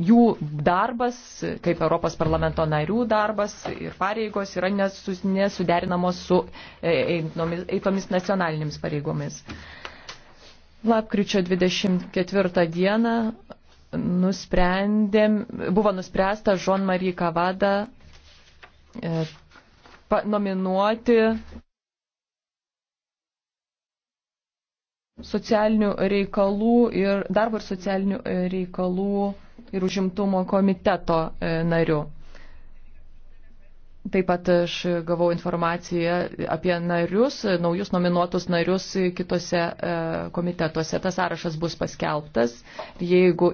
jų darbas, kaip Europos parlamento narių darbas ir pareigos yra nesus, nesuderinamos su e, eitomis nacionalinėmis pareigomis. Lapkričio 24 dieną nusprendėm, buvo nuspręsta Jean-Marie Kavada e, nominuoti socialinių reikalų ir darbo ir socialinių reikalų ir užimtumo komiteto e, nariu. Taip pat aš gavau informaciją apie narius, naujus nominuotus narius kitose e, komitetuose. Tas sąrašas bus paskelbtas. Jeigu